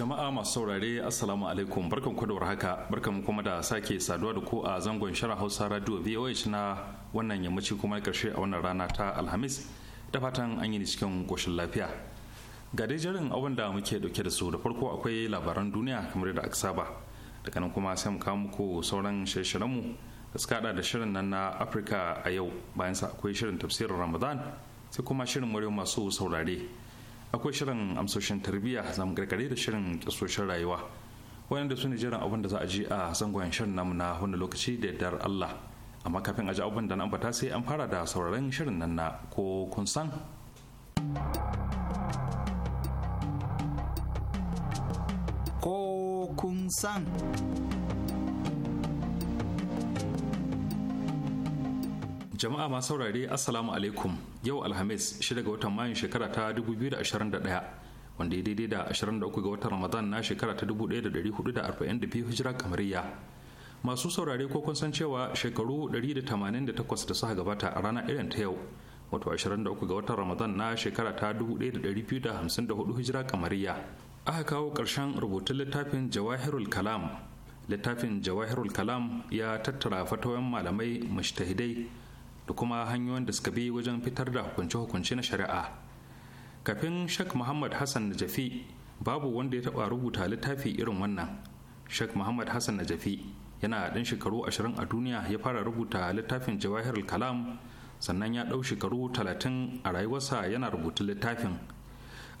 Jama'a masu saurare Assalamu alaikum barkan ku da warhaka barkan kuma da sake saduwa da ku a zangon shara Hausa Radio VOH na wannan yammaci kuma karshe a wannan rana ta Alhamis da fatan an yi cikin koshin lafiya. Ga dai jarin abin da muke dauke da su da farko akwai labaran duniya kamar da aka saba daga nan kuma sai mu kawo muku sauran shirye-shiryen mu da suka hada da shirin nan na Afirka a yau bayan sa akwai shirin tafsirin Ramadan sai kuma shirin murya masu saurare akwai shirin amsoshin tarbiyya mu gargare da shirin kasoshin rayuwa wayanda su ne jiran abin da za a ji a zangon shirin namu na wani lokaci da dar Allah amma kafin a ji abin da na ambata sai an fara da sauraron shirin nan na ko kun san ko kun san Jama'a masu saurare Assalamu alaikum yau Alhamis shida ga watan Mayun shekara ta 2021 wanda ya daidai da 23 ga watan Ramadan na shekara ta 1442 hijira kamariya. Masu saurare ko kun san cewa shekaru 188 da suka gabata a rana irin ta yau wato 23 ga watan Ramadan na shekara ta 1454 hijira kamariya. Aka kawo ƙarshen rubutun littafin Jawahirul Kalam littafin jawahirul kalam ya tattara fatawan malamai mashtahidai da kuma hanyoyin da suka bi wajen fitar da hukunce-hukunce na shari'a kafin shek muhammad hassan najafi babu wanda ya taɓa rubuta littafi irin wannan shek muhammad hassan najafi yana ɗan shekaru ashirin a duniya ya fara rubuta littafin jawahir kalam sannan ya ɗau shekaru talatin a rayuwarsa yana rubuta littafin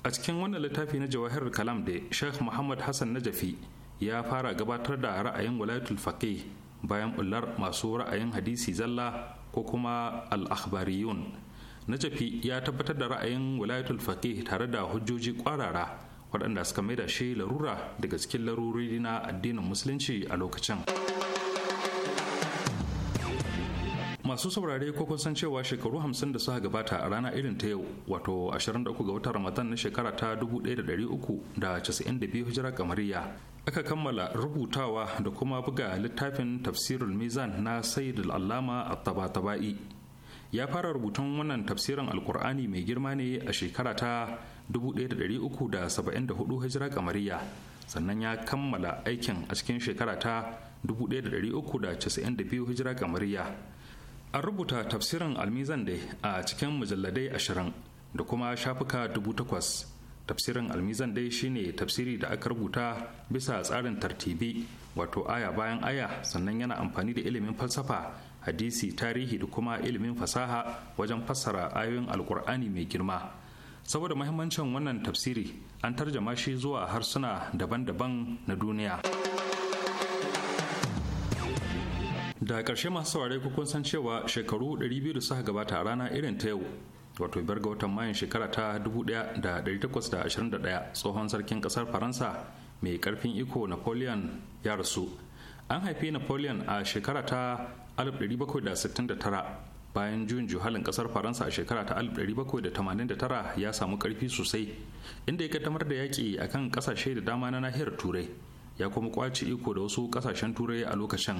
a cikin wannan littafi na jawahir kalam da sheikh muhammad hassan najafi ya fara gabatar da ra'ayin walayatul faqih bayan ɓullar masu ra'ayin hadisi zalla ko kuma al na najafi ya tabbatar da ra'ayin wilayatul faqih tare da hujjoji kwarara waɗanda suka maida shi larura daga cikin larurori na addinin musulunci a lokacin. masu saurare ko kun san cewa shekaru 50 da suka gabata a rana irin ta yau wato 23 ga watan ramadan na shekara ta 1392 hijira kamariya aka kammala rubutawa da kuma buga littafin tafsirul mizan na sayyid al-allama a tabatabai ya fara rubutun wannan tafsirin alkur'ani mai girma ne a shekara ta 1374 hijira kamariya sannan ya kammala aikin a cikin shekara ta 1392 hijira kamariya an rubuta tafsirin almizan dai a cikin mujalladai ashirin da kuma shafuka dubu takwas tafsirin almizan dai shine tafsiri da aka rubuta bisa tsarin tartibi wato aya bayan aya sannan yana amfani da ilimin falsafa hadisi tarihi da kuma ilimin fasaha wajen fassara ayoyin alkur'ani mai girma saboda mahimmancin wannan tafsiri an tarjama shi zuwa harsuna daban-daban na duniya. da ƙarshe masu saurare kun san cewa shekaru 200 suka gabata a rana irin ta yau wato biyar ga watan mayan shekara ta 1821 tsohon sarkin kasar faransa mai karfin iko napoleon ya rasu an haifi napoleon a shekara ta 1769 bayan juyin juhalin kasar faransa a shekara ta 1789 ya samu karfi sosai inda ya kaddamar da yaƙi a kan kasashe da dama na nahiyar turai ya kuma ƙwace iko da wasu kasashen turai a lokacin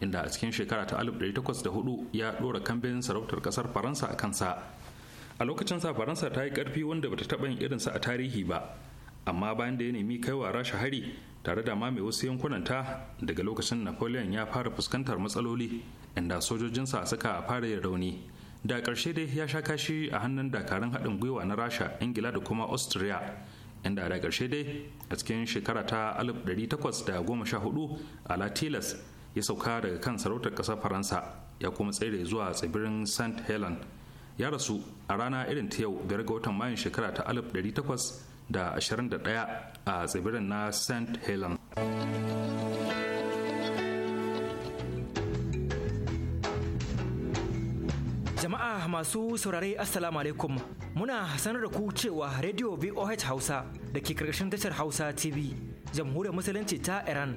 inda a cikin shekara ta 1804 ya ɗora kambin sarautar kasar faransa a kansa a lokacin sa faransa ta yi karfi wanda bata taɓa yin irinsa a tarihi ba amma bayan da ya nemi kaiwa rasha hari tare da ma mai wasu yankunan ta daga lokacin napoleon ya fara fuskantar matsaloli inda sojojinsa suka fara yin rauni da ƙarshe dai ya sha kashi a hannun dakarun haɗin gwiwa na rasha ingila da kuma austria inda da ƙarshe dai a cikin shekara ta 1814 a latilas ya sauka daga kan sarautar ƙasar faransa ya kuma tsere zuwa tsibirin st helen ya rasu a rana irin ta yau biyar ga watan mayun shekara ta 1821 a tsibirin na st helen jama'a masu saurare assalamu alaikum muna sanar da ku cewa radio voh hausa da ke karkashin tashar hausa tv jamhuriyar musulunci ta iran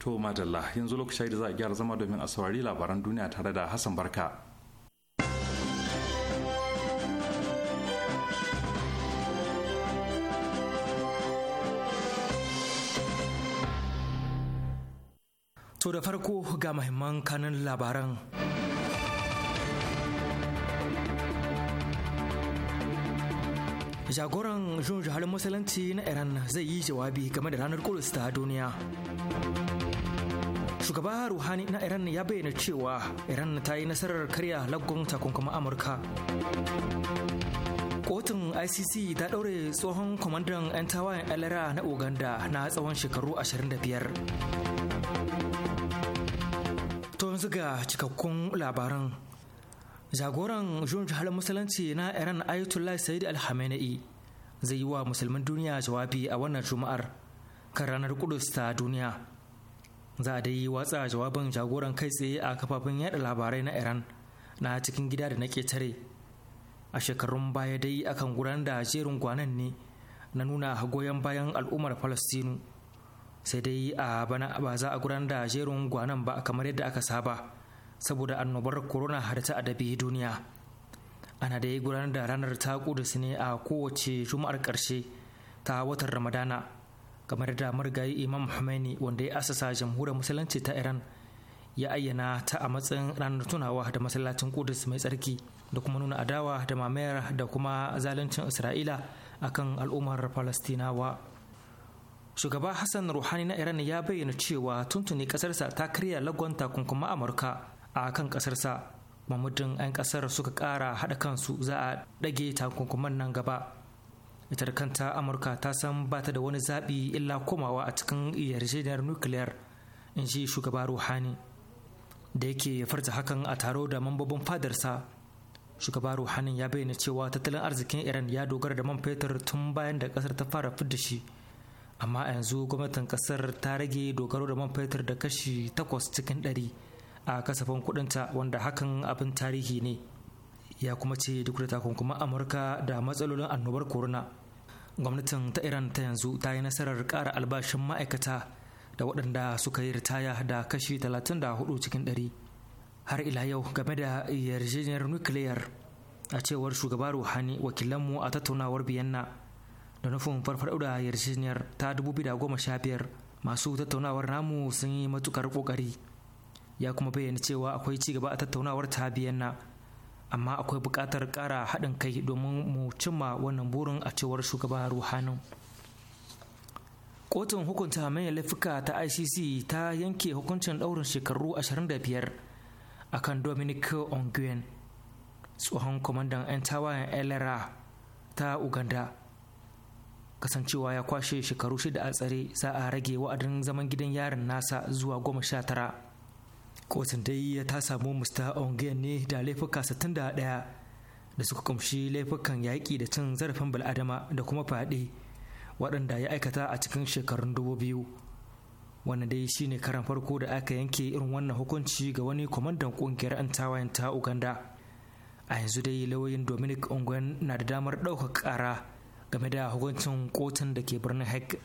To madalla yanzu lokaci da za a gyara zama domin a saurari labaran duniya tare da Hassan Barka. To da farko ga mahimman kanin labaran. Jagoran jun jihar Musulunci na Iran zai yi jawabi game da ranar Kudus duniya. shugaba ruhani na iran ya bayyana cewa iran ta yi nasarar karya laggon takunkuma amurka kotun icc ta ɗaure tsohon kwamandan 'yan tawayen alara na uganda na tsawon shekaru 25 to yanzu ga cikakkun labaran jagoran jun jihar musulunci na iran ayatollah sayyid al zai yi wa musulmin duniya jawabi a wannan juma'ar kan ranar kudus ta duniya za a dai watsa jawabin jagoran kai tsaye a kafafen yada labarai na iran na cikin gida da na tare a shekarun baya dai akan gudanar da jerin gwanan ne na nuna goyon bayan al'ummar falastinu sai dai a bana ba za a gudanar da jerin gwanan ba kamar yadda aka saba saboda annobar corona har ta adabi duniya ana dai gudanar da ranar ta ne a kowace juma'ar ƙarshe ta watan ramadana kamar da marigayi imam Khomeini wanda ya asasa jamhuriyar musulunci ta iran ya ayyana ta a matsayin ranar tunawa da masallacin kudus mai tsarki da kuma nuna adawa da mamayar da kuma zaluncin isra'ila akan al'ummar falastinawa shugaba hassan ruhani na iran ya bayyana cewa tuntuni kasarsa ta karya lagon takunkuma amurka a kan kasarsa mamudin 'yan kasar suka kara haɗa kansu za a ɗage takunkuman nan gaba ita kanta amurka ta san ba ta da wani zaɓi illa komawa a cikin yarjejeniyar nukiliyar in ji shugaba ruhani da yake farta hakan a taro da mambobin fadarsa shugaba ruhanin ya bayyana cewa tattalin arzikin iran ya dogara da man fetur tun bayan da kasar ta fara fidda shi amma a yanzu gwamnatin kasar ta rage dogaro da man fetur da kashi takwas cikin ɗari a kasafin kudinta wanda hakan abin tarihi ne ya kuma ce duk da takunkuman amurka da matsalolin annobar corona gwamnatin ta iran ta yanzu ta yi nasarar kara albashin ma'aikata da waɗanda suka yi ritaya da kashi 34 cikin 100 har ila yau game da yarjejeniyar nukiliyar a cewar shugaba ruhani wakilanmu a tattaunawar biyanna da nufin farfaɗo da yarjejeniyar ta 2015 masu tattaunawar namu sun yi matukar kokari ya kuma bayyana cewa akwai ci gaba a tattaunawar ta biyanna amma akwai buƙatar ƙara haɗin kai domin mu cimma wannan burin a cewar shugaban ruhanin kotun hukunta mai laifuka ta icc ta yanke hukuncin ɗaurin shekaru 25 akan dominic onguen tsohon kwamandan 'yan tawayen elera ta uganda kasancewa ya kwashe shekaru shida a tsare za a rage wa'adin zaman gidan yarin nasa zuwa goma sha tara kotun dai ya ta samu musta ongen ne da laifuka 61 da suka kumshi laifukan yaƙi da cin zarafin bil'adama da kuma fyaɗe waɗanda ya aikata a cikin shekarun dubu biyu wannan dai shine karan farko da aka yanke irin wannan hukunci ga wani kwamandan ƙungiyar 'yan tawayen ta uganda a yanzu dai lauyin dominic ongwen na da damar ɗaukar ƙara game da hukuncin kotun da ke birnin hague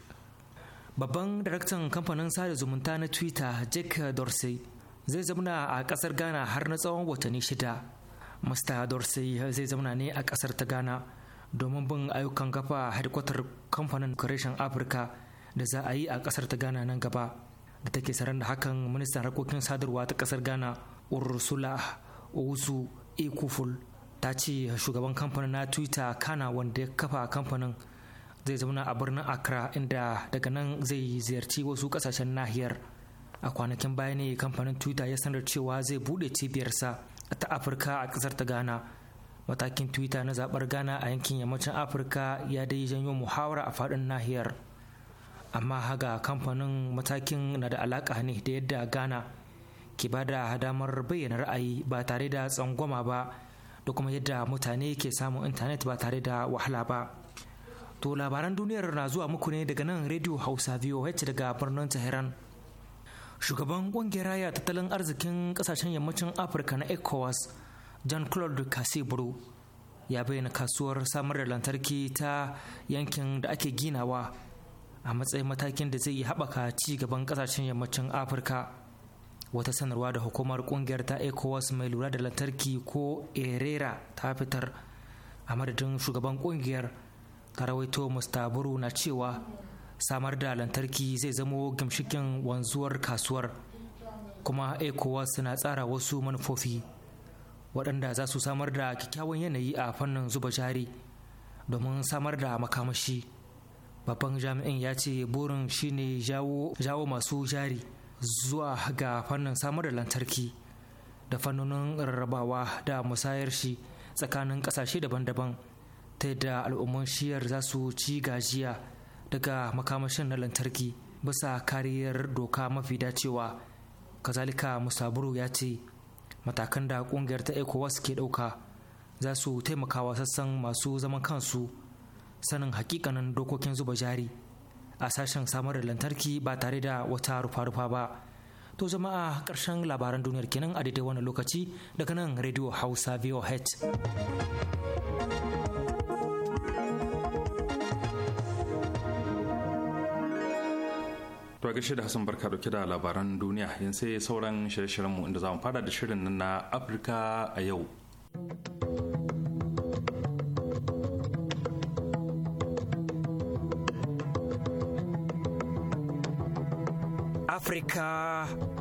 babban daraktan kamfanin sada zumunta na twitter jake dorsey zai zauna a kasar ghana har na tsawon watanni shida mista dorsey zai zauna ne a kasar ta ghana domin bin ayyukan gafa hadkwatar kamfanin creation afirka da za a yi a kasar ta ghana nan gaba da take saran da hakan ministan harkokin sadarwa ta kasar ghana ursula ozu ekuful ta ce shugaban kamfanin na twitter kana wanda ya kafa kamfanin zai zauna a birnin accra inda daga nan zai ziyarci wasu kasashen nahiyar a kwanakin baya ne kamfanin twitter ya sanar cewa zai bude cibiyarsa ta afirka a kasar ta ghana matakin twitter na zabar ghana a yankin yammacin afirka ya dai janyo muhawara a fadin nahiyar amma haga kamfanin matakin na da alaka ne da yadda ghana ke ba da damar bayyana ra'ayi ba tare da tsangwama ba da kuma yadda mutane ke samun intanet ba tare da wahala ba to labaran duniyar na zuwa muku ne daga nan radio hausa voh daga birnin tehran shugaban ƙungiyar raya tattalin arzikin ƙasashen yammacin afirka na ecowas john claude casibro ya bayyana kasuwar samar da lantarki ta yankin da ake ginawa a matsayin matakin da zai yi haɓaka ci gaban ƙasashen yammacin afirka wata sanarwa da hukumar ƙungiyar ta ecowas mai lura da lantarki ko erera ta fitar a madadin shugaban ƙungiyar ta rawaito mustaburu na cewa samar da lantarki zai zamo gamshikin wanzuwar kasuwar kuma ecowas na tsara wasu manufofi waɗanda za su samar da kyakkyawan yanayi a fannin zuba jari domin samar da makamashi babban jami'in ya ce burin shine jawo masu jari zuwa ga fannin samar da lantarki da fannonin rarrabawa da musayar shi tsakanin ƙasashe daban-daban ta yadda al'ummar shiyar za su ci gajiya daga makamashin na lantarki bisa kariyar doka mafi dacewa kazalika musaburu ya ce matakan da kungiyar ta ecowas ke ɗauka za su taimakawa sassan masu zaman kansu sanin hakikanin dokokin zuba jari a sashen samar da lantarki ba tare da wata rufa-rufa ba to jama'a ƙarshen labaran duniyar kenan a daidai wani lokaci daga nan radio hausa voh To gaishe da Hassan Barka dauke da labaran duniya yanzu sai sauran shirye mu inda zamu fara da shirin nan na Afirka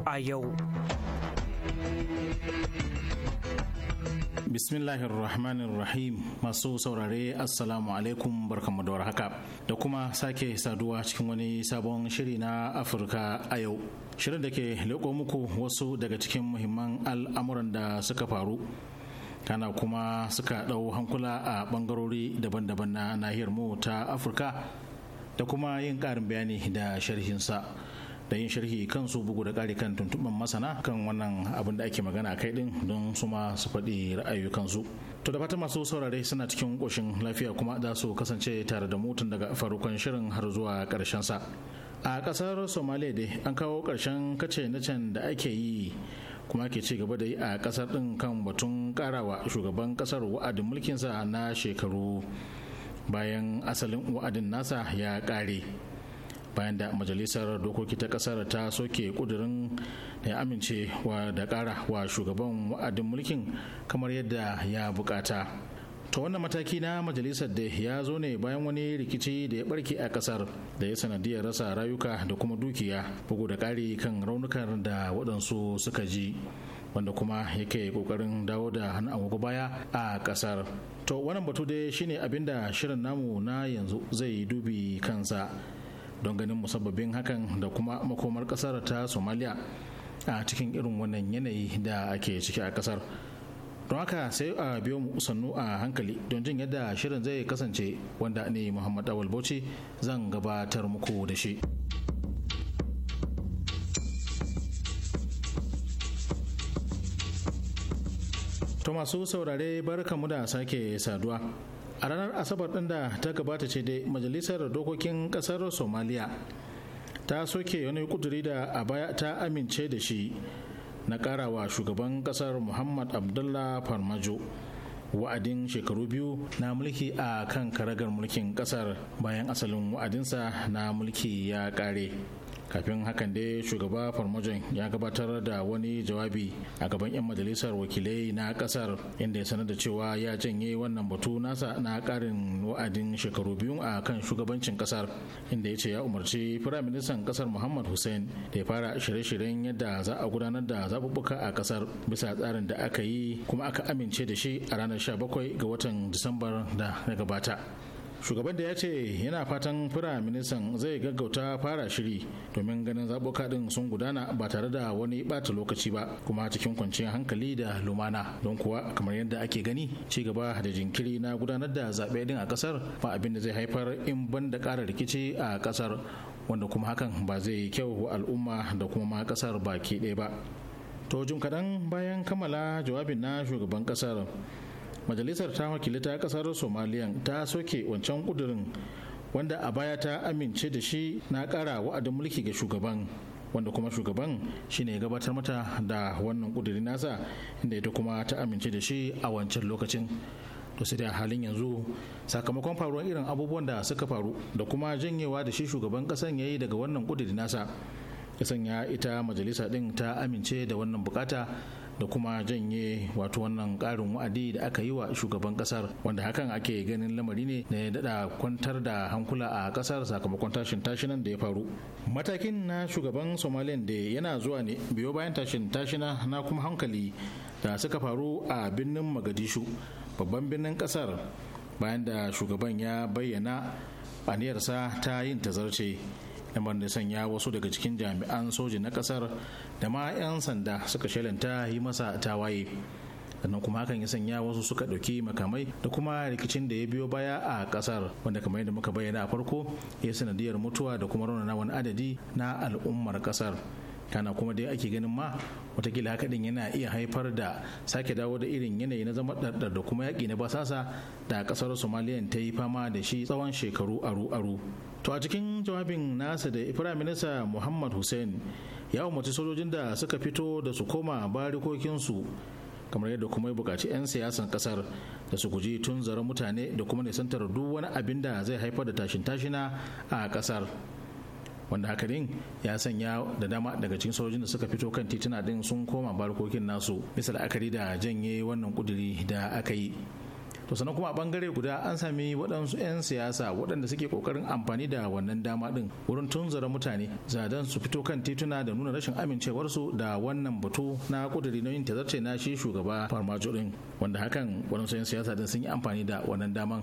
a yau. Afirka a yau. bismillahir rahmanir rahim masu saurare assalamu alaikum barkamu da haka da kuma sake saduwa cikin wani sabon shiri na afirka a yau shirin da ke leƙo muku wasu daga cikin muhimman al'amuran da suka faru kana kuma suka ɗau hankula a ɓangarori daban-daban na nahiyar mu ta afirka da kuma yin ƙarin bayani da sharhinsa da yin sharhi kansu bugu da ƙari kan tuntuɓin masana kan wannan abin da ake magana a kai ɗin don su ma su faɗi ra'ayoyin kansu. To da fatan masu saurare suna cikin ƙoshin lafiya kuma za su kasance tare da mutun daga farkon shirin har zuwa ƙarshen sa. A ƙasar Somalia dai an kawo ƙarshen kace na can da ake yi kuma ke ci gaba da yi a ƙasar ɗin kan batun ƙarawa shugaban ƙasar wa'adin mulkinsa na shekaru bayan asalin wa'adin nasa ya ƙare. bayan da majalisar dokoki ta kasar ta soke kudurin da ya amince wa da kara wa shugaban wa'adin mulkin kamar yadda ya bukata to wannan mataki na majalisar da ya zo ne bayan wani rikici da ya barke a kasar da ya sanadiyar rasa rayuka da kuma dukiya bugu da kari kan raunukan da waɗansu suka ji wanda kuma yake kokarin dawo da hannu agogo baya a kasar to wannan batu dai shine abinda shirin namu na yanzu zai dubi kansa don ganin musabbabin hakan da kuma makomar kasar ta somaliya a cikin irin wannan yanayi da ake ciki a kasar don haka sai a biyo mu sannu a hankali don jin yadda shirin zai kasance wanda ne muhammad awal bauchi zan gabatar muku da shi to masu saurare barkamu da sake saduwa a ranar asabar ɗin da ta gabata ce dai majalisar dokokin ƙasar somaliya ta soke wani kuduri da a baya ta amince da shi na karawa shugaban kasar muhammad abdullah farmajo wa'adin shekaru biyu na mulki a kan karagar mulkin kasar bayan asalin wa'adinsa na mulki ya kare kafin hakan dai shugaba farmajon ya gabatar da wani jawabi a gaban 'yan majalisar wakilai na kasar inda ya sanar da cewa ya janye wannan batu nasa na karin wa'adin shekaru biyu a kan shugabancin kasar inda ya ce ya umarci firaministan kasar muhammad hussein da ya fara shirye-shiryen yadda za a gudanar da zaɓuɓɓuka a kasar bisa tsarin da aka yi kuma aka amince da shi a ranar 17 ga watan disambar da na gabata shugaban da ya ce yana fatan fira ministan zai gaggauta fara shiri domin ganin zaɓuka ɗin sun gudana ba tare da wani ɓata lokaci ba kuma cikin kwanciyar hankali da lumana don kuwa kamar yadda ake gani ci gaba da jinkiri na gudanar da zaɓe din a ƙasar ba abin da zai haifar in ban da ƙara rikici a ƙasar wanda kuma hakan ba zai yi kyau wa al'umma da kuma ma ƙasar baki ɗaya ba to jim kaɗan bayan kammala jawabin na shugaban ƙasar majalisar ta ta kasar somaliyan ta soke wancan kudurin wanda a baya ta amince da shi na kara wa'adin mulki ga shugaban wanda kuma shugaban shine ya gabatar mata da wannan kudurin nasa inda ita kuma ta amince da shi a wancan lokacin to sai da halin yanzu sakamakon faruwar irin abubuwan da suka faru da kuma janyewa da shi shugaban kasan yayi daga wannan kuduri nasa ya sanya ita majalisa din ta amince da wannan bukata da kuma janye wato wannan karin wa'adi da aka yi wa shugaban ƙasar wanda hakan ake ganin lamari ne na ya daɗa kwantar da hankula a ƙasar sakamakon tashin tashinan da ya faru matakin na shugaban somaliya da yana zuwa ne biyo bayan tashin tashina na kuma hankali da suka faru a birnin magadishu babban birnin ƙasar bayan da shugaban ya bayyana aniyarsa ta yin tazarce lamarin da sanya wasu daga cikin jami'an soji na kasar da ma 'yan sanda suka shelanta yi masa tawaye sannan kuma hakan ya sanya wasu suka ɗauki makamai da kuma rikicin da ya biyo baya a ƙasar wanda kamar yadda muka bayyana a farko ya sanadiyar mutuwa da kuma raunana wani adadi na al'ummar ƙasar kana kuma dai ake ganin ma watakila haka din yana iya haifar da sake dawo da irin yanayi na zama ɗarɗar da kuma yaƙi na basasa da ƙasar somaliya ta yi fama da shi tsawon shekaru aru-aru to a cikin jawabin nasa da firayim minista muhammad hussein ya umarci sojojin da suka fito da su koma barikokinsu kamar yadda kuma ya bukaci 'yan siyasan kasar da su guji tun zaren mutane da kuma nisantar duk wani abin da zai haifar da tashin tashina a kasar. wanda hakanin ya sanya da dama daga cikin sojojin da suka fito kan tituna din sun koma barikokin nasu bisa la'akari da janye wannan kuduri da aka yi to sannan kuma a bangare guda an sami waɗansu 'yan siyasa waɗanda suke kokarin amfani da wannan dama din wurin tunzura mutane zadan su fito kan tituna da nuna rashin amincewarsu da wannan batu na ƙudiri na yin tazarce na shi shugaba farmajo din wanda hakan waɗansu 'yan siyasa din sun yi amfani da wannan daman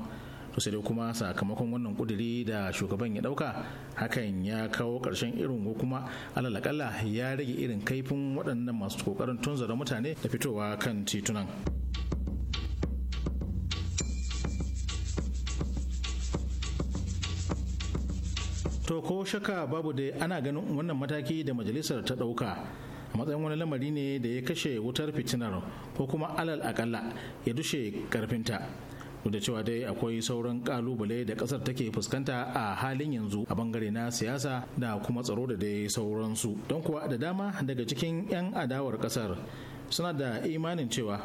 to sai dai kuma sakamakon wannan ƙudiri da shugaban ya ɗauka, hakan ya kawo karshen irin ko kuma alalakalla ya rage irin kaifin waɗannan masu kokarin tunzura mutane da fitowa kan titunan. to ko shaka babu dai ana ganin wannan mataki da majalisar ta ɗauka a matsayin wani lamari ne da ya kashe wutar fitinar ko kuma alal akalla ya dushe karfinta duk da cewa dai akwai sauran kalubale da kasar take fuskanta a halin yanzu a bangare na siyasa da kuma tsaro da dai sauransu don kuwa da dama daga cikin 'yan adawar kasar suna da imanin cewa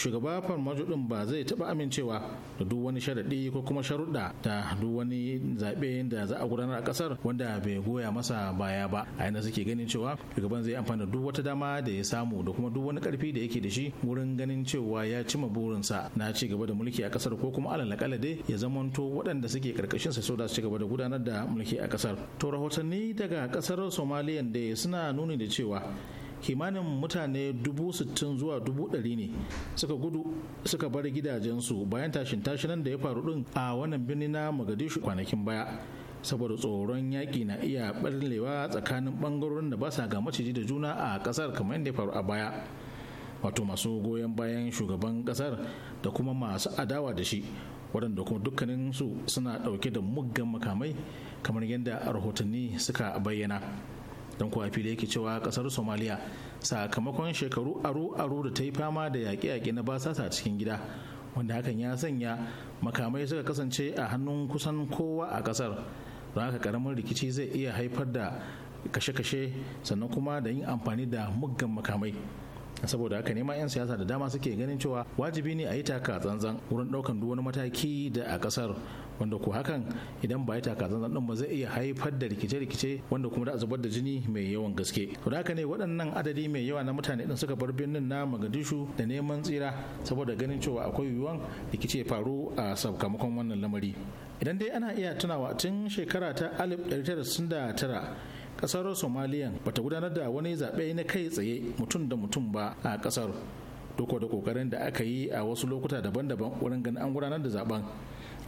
shugaba farmajo ba zai taba amincewa da duk wani sharadi ko kuma sharuɗa da duk wani zaɓe da za a gudanar a kasar wanda bai goya masa baya ba a yana suke ganin cewa shugaban zai amfana duk wata dama da ya samu da kuma duk wani ƙarfi da yake da shi wurin ganin cewa ya cima burinsa na ci gaba da mulki a ƙasar ko kuma alal kala dai ya zamanto waɗanda suke karkashin sa da su ci gaba da gudanar da mulki a kasar to rahotanni daga kasar somaliya da suna nuni da cewa kimanin mutane dubu sittin zuwa dubu ɗari ne suka gudu suka bar gidajensu bayan tashin tashinan da ya faru din a wannan birni na mogadishu kwanakin baya saboda tsoron yaƙi na iya ɓarlewa tsakanin ɓangarorin da ba sa ga maciji da juna a ƙasar kamar yadda ya faru a baya wato masu goyon bayan shugaban ƙasar da kuma masu adawa da shi waɗanda kuma dukkanin su suna ɗauke da muggan makamai kamar yadda rahotanni suka bayyana. don kuwa fili yake cewa kasar somaliya sakamakon shekaru aro-aro da ta yi fama da yaƙe-yaƙe na basasa a cikin gida wanda hakan ya sanya makamai suka kasance a hannun kusan kowa a kasar don haka karamin rikici zai iya haifar da kashe-kashe sannan kuma da yin amfani da muggan makamai saboda haka nema 'yan siyasa da dama suke ganin cewa wajibi ne a yi taka tsantsan wurin ɗaukan duk wani mataki da a ƙasar wanda ko hakan idan ba ya taka zanzan din ba zai iya haifar da rikice-rikice wanda kuma da zubar da jini mai yawan gaske to haka ne waɗannan adadi mai yawa na mutane din suka bar birnin na Magadishu da neman tsira saboda ganin cewa akwai yiwuwan rikice faru a sakamakon wannan lamari idan dai ana iya tunawa tun shekara ta 1999 kasar somaliya bata gudanar da wani zaɓe na kai tsaye mutum da mutum ba a kasar duk da kokarin da aka yi a wasu lokuta daban-daban wurin ganin an gudanar da zaben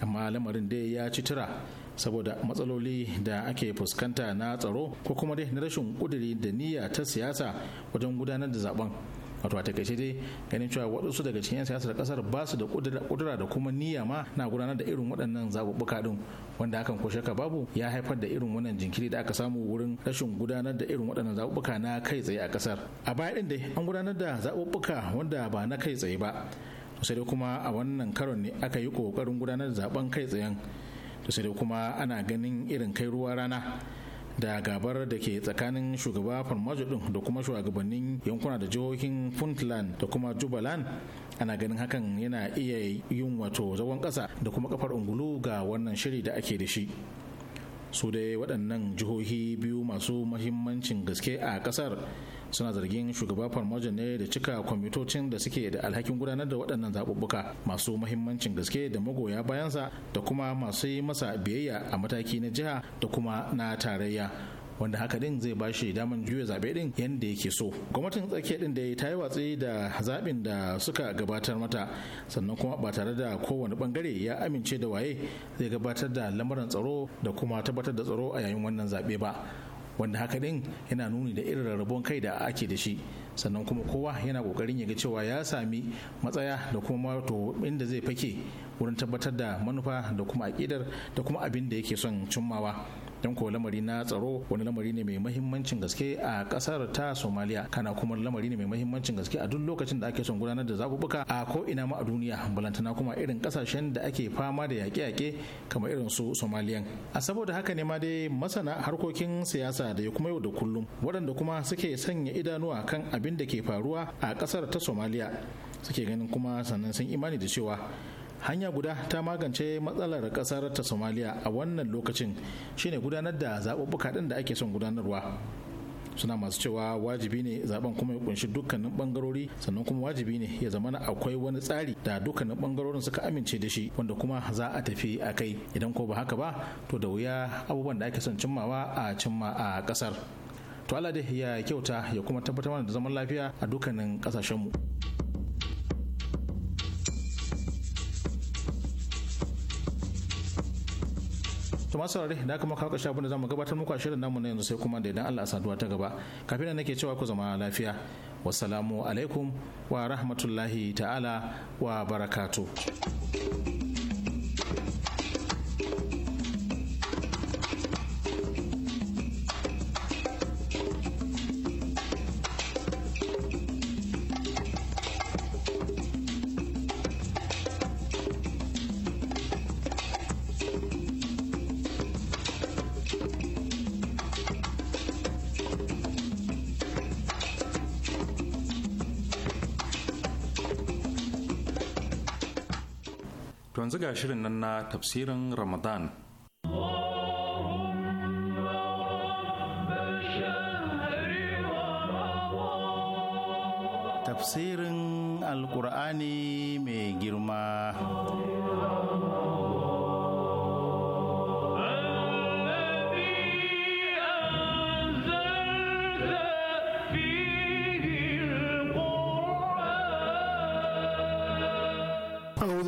amma lamarin dai ya ci tura saboda matsaloli da ake fuskanta na tsaro ko kuma dai na rashin kuduri da niyya ta siyasa wajen gudanar da zaben wato a takaice dai ganin cewa waɗansu daga cikin siyasar ƙasar ba su da ƙudura da kuma niyya ma na gudanar da irin waɗannan zaɓuɓɓuka ɗin wanda hakan ko shaka babu ya haifar da irin wannan jinkiri da aka samu wurin rashin gudanar da irin waɗannan zaɓuɓɓuka na kai tsaye a ƙasar, a baya ɗin dai an gudanar da zaɓuɓɓuka wanda ba na kai tsaye ba sai dai kuma a wannan karon ne aka yi kokarin gudanar zaben kai tsayen to sai dai kuma ana ganin irin kai ruwa rana da gabar da ke tsakanin shugaba farmajo din da kuma shugabannin yankuna da jihohin puntland da kuma jubaland ana ganin hakan yana iya yin wato zagon kasa da kuma kafar ungulu ga wannan shiri da ake da shi su dai waɗannan jihohi biyu masu mahimmancin gaske a ƙasar suna zargin shugaba farmajo ne da cika kwamitocin da suke da alhakin gudanar da waɗannan zaɓuɓɓuka masu muhimmancin gaske da magoya bayansa da kuma masu yi masa biyayya a mataki na jiha da kuma na tarayya wanda haka din zai ba shi daman juya zaɓe din yadda yake so gwamnatin tsakiyar din da ta yi watsi da zaɓin da suka gabatar mata sannan kuma ba tare da kowane bangare ya amince da waye zai gabatar da lamuran tsaro da kuma tabbatar da tsaro a yayin wannan zaɓe ba wanda haka din yana nuni da irin rarrabuwan kai da ake da shi sannan kuma kowa yana kokarin ya ga cewa ya sami matsaya da kuma wato inda zai fake wurin tabbatar da manufa da kuma aƙidar da kuma abin da yake son cimmawa don kuwa lamari na tsaro wani lamari ne mai mahimmancin gaske a kasar ta somaliya kana kuma lamari ne mai mahimmancin gaske a duk lokacin da ake son gudanar da zabubuka a ko ina ma a duniya balantana kuma irin kasashen da ake fama da yaƙe-yaƙe kamar irin su somaliyan a saboda haka ne ma dai masana harkokin siyasa da ya kuma yau da kullum waɗanda kuma suke sanya idanuwa kan abin da ke faruwa a kasar ta somaliya suke ganin kuma sannan sun imani da cewa hanya guda ta magance matsalar kasar ta somaliya a wannan lokacin shine gudanar da zaɓuɓɓuka ɗin da ake son gudanarwa suna masu cewa wajibi ne zaben kuma ya kunshi dukkanin bangarori sannan kuma wajibi ne ya zamana akwai wani tsari da dukkanin bangarorin suka amince da shi wanda kuma za a tafi a kai idan ko ba haka ba to da wuya abubuwan da ake son cimmawa a cimma a kasar to Allah dai ya kyauta ya kuma tabbatar da zaman lafiya a dukkanin kasashenmu. mu to masu saurare da kuma kawo ƙarshe abin da zamu gabatar muku a shirin namu na yanzu sai kuma da idan Allah saduwa ta gaba kafin nan nake cewa ku zama lafiya wasalamu alaikum wa rahmatullahi ta'ala wa barakatuh yanzu ga shirin nan na tafsirin Ramadan. Tafsir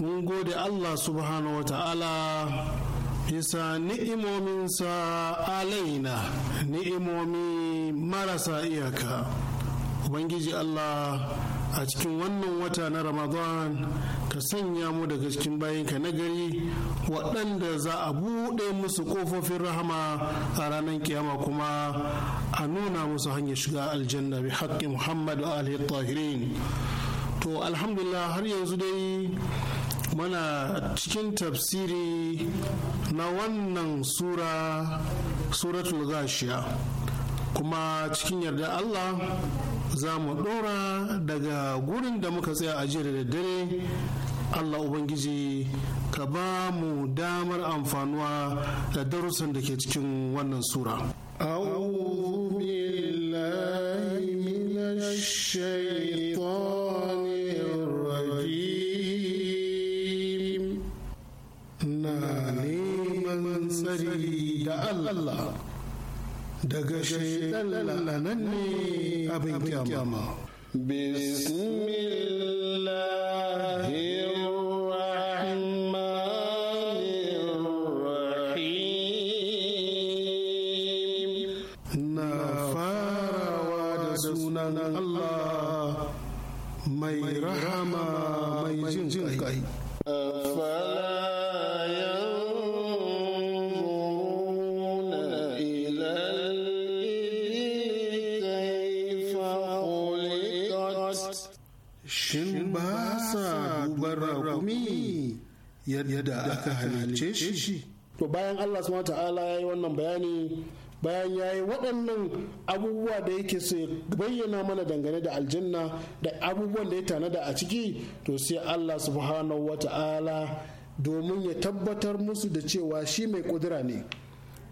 mun gode Allah subhanahu wa ta'ala bisa ni'imominsa alaina ni'imomi marasa iyaka ubangiji Allah a cikin wannan wata na ramadan ka sanya mu daga cikin bayanka na gari waɗanda za a buɗe musu ƙofofin rahama a ranar kiyama kuma a nuna musu hanyar shiga aljanna bi haƙƙi muhammadu alihi tahirin to alhamdulillah har yanzu dai mana cikin tafsiri na wannan sura suratul gashiya kuma cikin yarda Allah za mu ɗora daga gurin da muka tsaya a jiya da dare, Allah Ubangiji ka ba mu damar amfanuwa da darussan da ke cikin wannan sura. أعوذ بالله من الشيطان daga shaidan ne abin kyama. Bismillah. aka halicce shi to bayan Allah subhanahu ta'ala ya yi wannan bayani bayan ya yi waɗannan abubuwa da yake so bayyana mana dangane da aljanna da abubuwan da ya tanada a ciki to sai Allah subhanahu wa ta'ala domin ya tabbatar musu da cewa shi mai kudura ne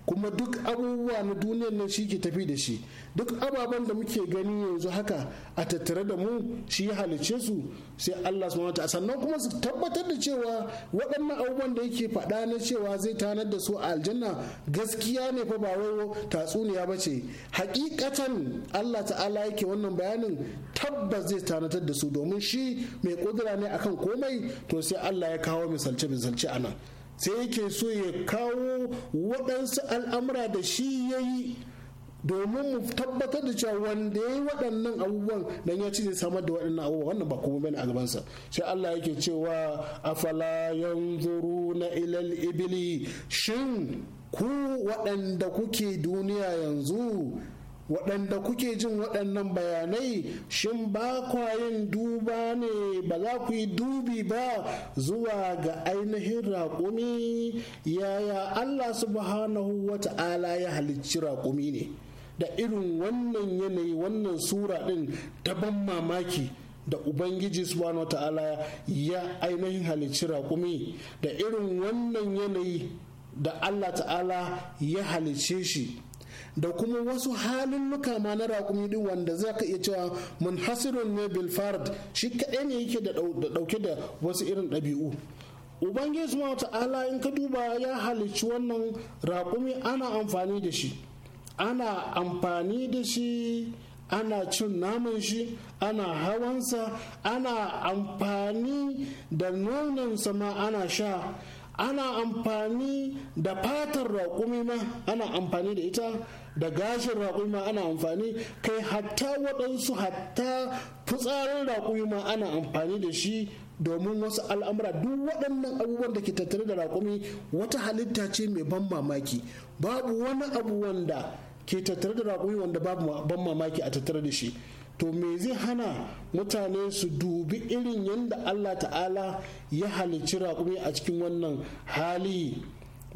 kuma duk abubuwa na duniyar nan shi ke tafi da shi duk ababen da muke gani yanzu haka a tattare da mu shi ya halice su sai Allah subhanahu wataala sannan kuma su tabbatar da cewa waɗannan abubuwan da yake faɗa na cewa zai tanar da su a aljanna gaskiya ne fa ba wai tatsuniya ba ce hakikatan Allah ta'ala yake wannan bayanin tabbas zai tanatar da su domin shi mai kudura ne akan komai to sai Allah ya kawo misalce misalce a nan sai yake so ya kawo waɗansu al'amura da shi ya yi domin mu tabbatar da cewa wanda ya yi waɗannan abubuwan dan ya ci zai samar da waɗannan abubuwan wannan ba kuma bane a gabansa sai Allah yake cewa afala na ilal ibili shin ku waɗanda kuke duniya yanzu waɗanda kuke jin waɗannan bayanai shin ba yin duba ne ba za ku yi dubi ba zuwa ga ainihin raƙumi yaya allah subhanahu wa ta'ala ya halicci raƙumi ne da irin wannan yanayi wannan sura ɗin ban mamaki da ubangiji subhanahu wa ta'ala ya ainihin halicci raƙumi da irin wannan yanayi da allah ta'ala ya halicce shi da kuma wasu halulluka ma na raƙumi din wanda za ka iya cewa mun hasirun ne bilfard shi kaɗai ne yake da ɗauke da wasu irin ɗabi'u ubangiji wata Ala in ka duba ya halicci wannan raƙumi ana amfani da shi ana amfani da shi ana cin naman shi ana hawansa ana amfani da nonansa ma ana sha ana amfani da fatar raƙumi ma ana amfani da ita da gashin raƙumi ma ana amfani kai hatta waɗansu hatta fitsarin raƙumi ma ana amfani da shi domin wasu al'amura duk waɗannan abubuwan da ke tattare da raƙumi wata halitta ce mai ban mamaki babu wani abu wanda ke tattare da raƙumi wanda babu ban mamaki a tattare da shi to me zai hana mutane su dubi irin yadda allah ta'ala ya halicci raƙumi a cikin wannan hali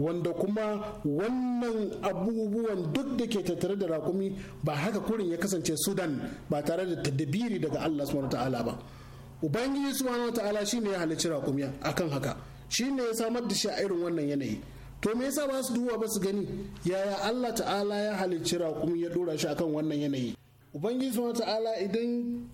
wanda kuma wannan abubuwan duk da ke tattare da rakumi ba haka kurin ya kasance sudan ba tare da tadabiri daga allah subhanahu ta'ala ba ubangiji subhanahu ta'ala shine ya halicci a akan haka shine ya samar da shi a irin wannan yanayi to me yasa ba su duba ba su gani yaya Allah ta'ala ya halicci rakumi ya dora shi akan wannan yanayi ubangiji subhanahu ta'ala idan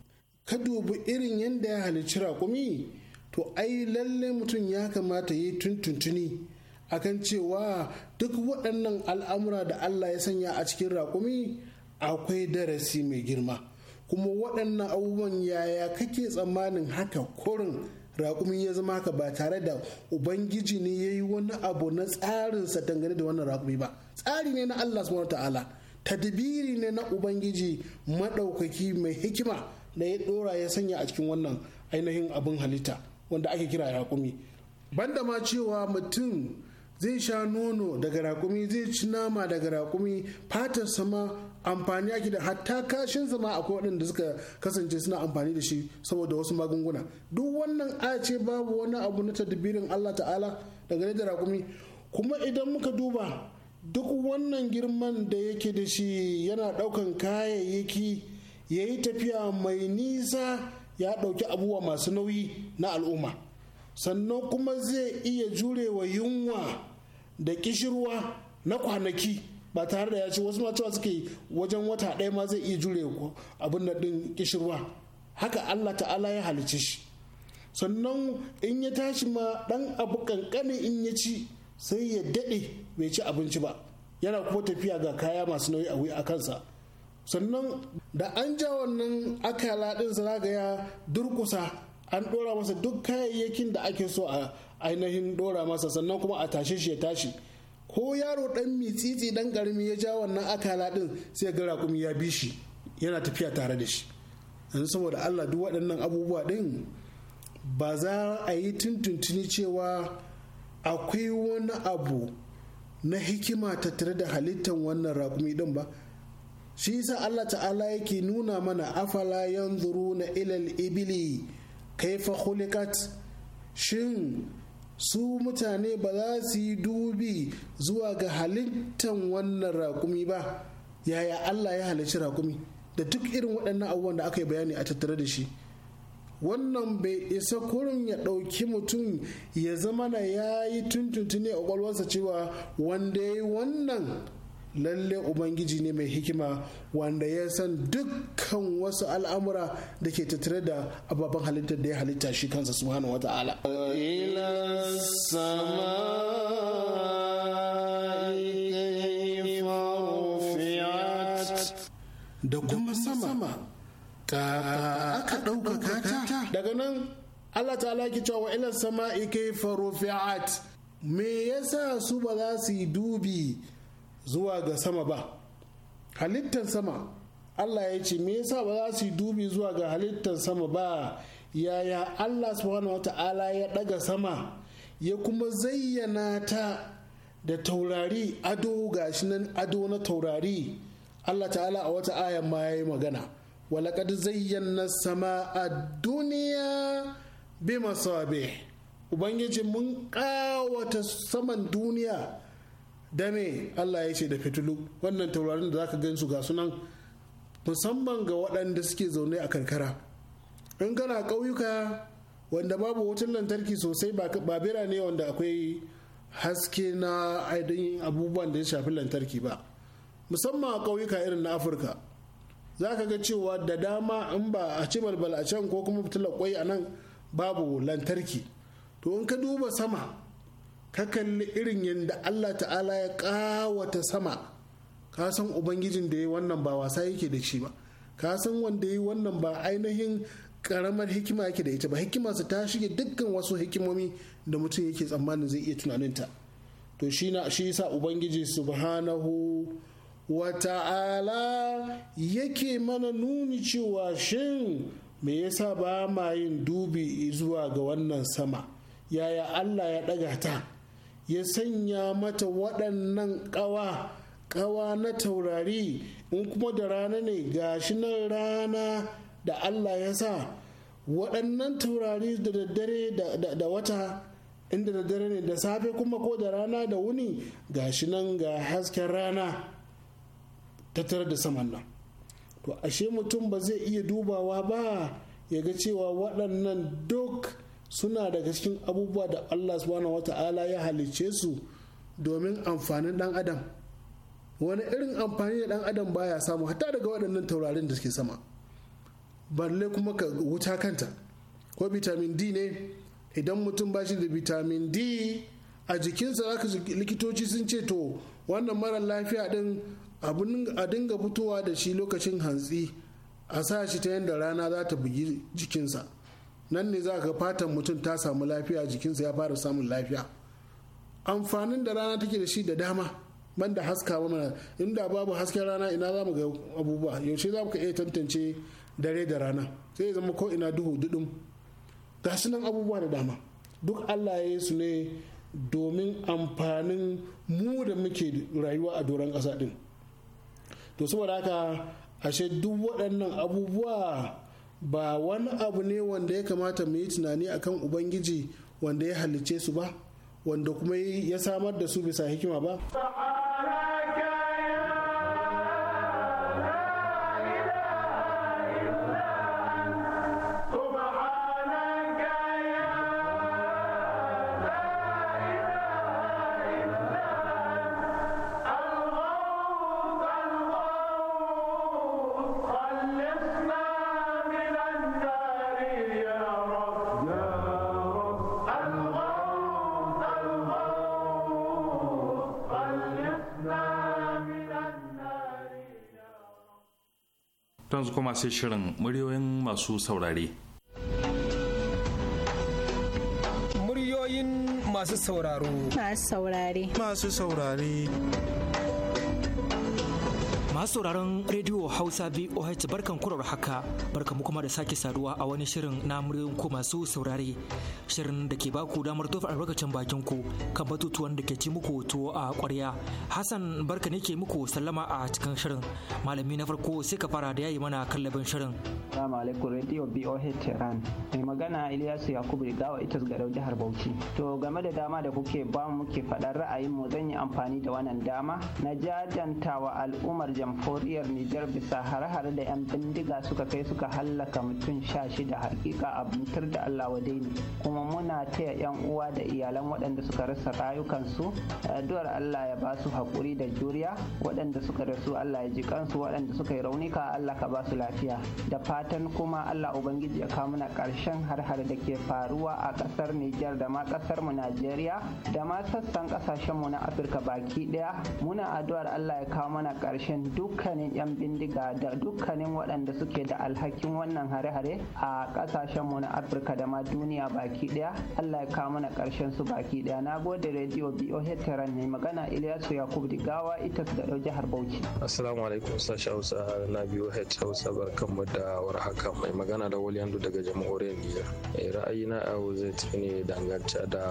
ka dubi irin yadda ya halicci rakumi to ai lalle mutum ya kamata yi tuntuntuni akan cewa duk waɗannan al'amura da Allah ya sanya a cikin raƙumi akwai darasi mai girma kuma waɗannan abubuwan yaya kake tsammanin haka kurin raƙumi ya zama haka ba tare da ubangiji ne ya yi wani abu na tsarinsa dangane da wannan raƙumi ba tsari ne na Allah subhanahu ta'ala tadbiri ne na ubangiji maɗaukaki mai hikima da ya ɗora ya sanya a cikin wannan ainihin abin halitta wanda ake kira raƙumi banda ma cewa mutum zai sha nono daga raƙumi zai ci nama daga raƙumi fatar sama amfani ake da hatta kashin zama akwai waɗanda suka kasance suna amfani da shi saboda wasu magunguna duk wannan a ce babu wani abu na tadbirin Allah ta'ala daga da raƙumi kuma idan muka duba duk wannan girman da yake da shi yana ɗaukan kayayyaki ya yi tafiya mai nisa ya ɗauki abubuwa masu nauyi na al'umma sannan kuma zai iya jure wa yunwa da kishirwa na kwanaki ba tare da ya ci wasu cewa suke wajen wata ɗaya ma zai iya jure abin da ɗin kishirwa haka allah ta'ala ya halice shi sannan in ya tashi ma ɗan abu ƙanƙanin in ya ci sai ya daɗe bai ci abinci ba yana kuma tafiya ga kaya masu nauyi a kansa sannan da an ja wannan akala ɗin ya durkusa an dora masa duk kayayyakin da ake so a ainihin dora masa sannan kuma a tashe shi ya tashi ko yaro dan mitsitsi dan karmi ya ja wannan akala din sai ga raƙumi ya bi shi yana tafiya tare da shi yanzu saboda Allah duk waɗannan abubuwa din ba za a yi tuntuntuni cewa akwai wani abu na hikima tattare da halittar wannan rakumi din ba shi yasa Allah ta'ala yake nuna mana afala yanzuru na ilal ibili kaifa hulikat shin su mutane ba za su yi dubi zuwa ga halittan wannan raƙumi ba yaya Allah ya halicci rakumi da duk irin waɗannan abubuwan da aka yi bayani a tattare da shi wannan bai isa kurin ya ɗauki mutum ya zama na ya yi tuntuntuni a ƙwaƙwalwarsa cewa wanda ya yi wannan lalle ubangiji ne mai hikima wanda ya san dukkan wasu al'amura da ke tattare da ababen halittar da ya halitta shi kansa subhanahu wa ta'ala da kuma sama aka ɗaukaka ta daga nan Allah ta ki cewa wa ilan sama ike farofiyat? me yasa su ba za su yi dubi zuwa ga sama ba halittar sama Allah ya ce me yasa ba za su yi dubi zuwa ga halittar sama ba yaya Allah subhanahu ta'ala ya daga sama ya kuma zayyana ta da taurari ado gashi nan ado na taurari Allah ta'ala a wata ayan ma ya yi magana walakad zayyana sama a duniya bi masabe ubangiji mun kawata saman duniya dame Allah ya ce da fitilu wannan taurarin da zaka gansu ga sunan musamman ga waɗanda suke zaune a karkara in kana ƙauyuka wanda babu wutar lantarki sosai ba birane wanda akwai haske na aidin abubuwan da ya shafi lantarki ba musamman a ƙauyuka irin na afirka za ka ga cewa da dama in ba a ci balbal a can ko kuma fitilar kwai a nan babu lantarki to in ka duba sama kakan kalli irin yadda Allah ta'ala ya kawata sama ka san ubangijin da ya wannan ba wasa yake da shi ba ka san wanda ya wannan ba ainihin karamar hikima yake da ita ba hikima hikimarsa ta shige dukkan wasu hikimomi da mutum yake tsammanin zai iya tunaninta to shi na shi yasa ubangiji subhanahu wa ta'ala yake mana nuni cewa shin me yasa ba ma yin dubi zuwa ga wannan sama yaya Allah ya ɗaga ta ya sanya mata waɗannan ƙawa ƙawa na taurari in kuma da rana ne gashi nan rana da Allah ya sa waɗannan taurari da daddare da wata inda da dare ne da safe kuma ko da rana da wuni gashi nan ga hasken rana tare da saman nan to ashe mutum ba zai iya dubawa ba ya ga cewa waɗannan duk suna daga cikin abubuwa da Allah subhanahu wata'ala ya halicce su domin amfanin dan adam wani irin amfani da dan adam baya samu hatta daga waɗannan taurarin da suke sama balle kuma ka wuta kanta ko vitamin d ne idan mutum ba shi da vitamin d a jikinsa zaka likitoci sun ce to wannan mara lafiya din a dinga fitowa da shi lokacin hantsi a sa shi ta yadda rana za ta bugi jikinsa nan ne za ka fatan mutum ta samu lafiya jikinsa ya fara samun lafiya amfanin da rana take da shi da dama da haska haskawa mana inda babu hasken rana ina za mu ga abubuwa yaushe za mu ka iya tantance dare da rana sai ya zama ko ina duhu dudum ga nan abubuwa da dama duk allah ya su ne domin amfanin mu da muke rayuwa a doron ƙasa din to saboda haka ashe duk waɗannan abubuwa ba wani abu ne wanda ya kamata mu yi tunani akan ubangiji wanda ya halicce su ba wanda kuma ya samar da su bisa hikima ba kuma sai shirin muryoyin masu saurare. Muryoyin masu sauraro. Masu saurare. Masu saurare. Masu sauraron Radio Hausa VOH barkan kurar haka barkan kuma da sake saduwa a wani shirin na muryoyin ku masu saurare shirin da ke baku damar tofa albarkacin bakin ku kan batutuwan da ke ci muku tuwo a ƙwarya. Hassan barka ne ke muku sallama a cikin shirin malami na farko sai ka fara da yayi mana kallabin shirin. Assalamu alaikum Radio VOH Tehran mai magana Ilyasu Yakubu Rigawa ita garau jihar Bauchi. To game da dama da kuke ba mu muke faɗar ra'ayin mu zan yi amfani da wannan dama na jajantawa al'ummar jam koriyar Nijar bisa hare-hare da 'yan bindiga suka kai suka hallaka mutum sha shida hakika abintar da Allah wadai ne kuma muna taya 'yan uwa da iyalan waɗanda suka rasa rayukansu addu'ar Allah ya ba su haƙuri da juriya waɗanda suka rasu Allah ya ji kansu waɗanda suka yi raunika Allah ka ba su lafiya da fatan kuma Allah Ubangiji ya kawo mana ƙarshen har hare da ke faruwa a ƙasar Nijar da ma ƙasar mu Najeriya da ma sassan ƙasashen mu na Afirka baki ɗaya muna addu'ar Allah ya kawo mana ƙarshen duk dukkanin 'yan bindiga da dukkanin waɗanda suke da alhakin wannan hare-hare a ƙasashenmu na afirka da ma duniya baki ɗaya allah ya kawo mana ƙarshen su baki ɗaya na gode rediyo boh teran ne magana ilyasu yakub digawa ita da ɗau jihar bauchi assalamu alaikum sashi hausa na h hausa mu da warhaka mai magana da waliyandu daga jamhuriyar niger eh, ra'ayina a zai ne dangance da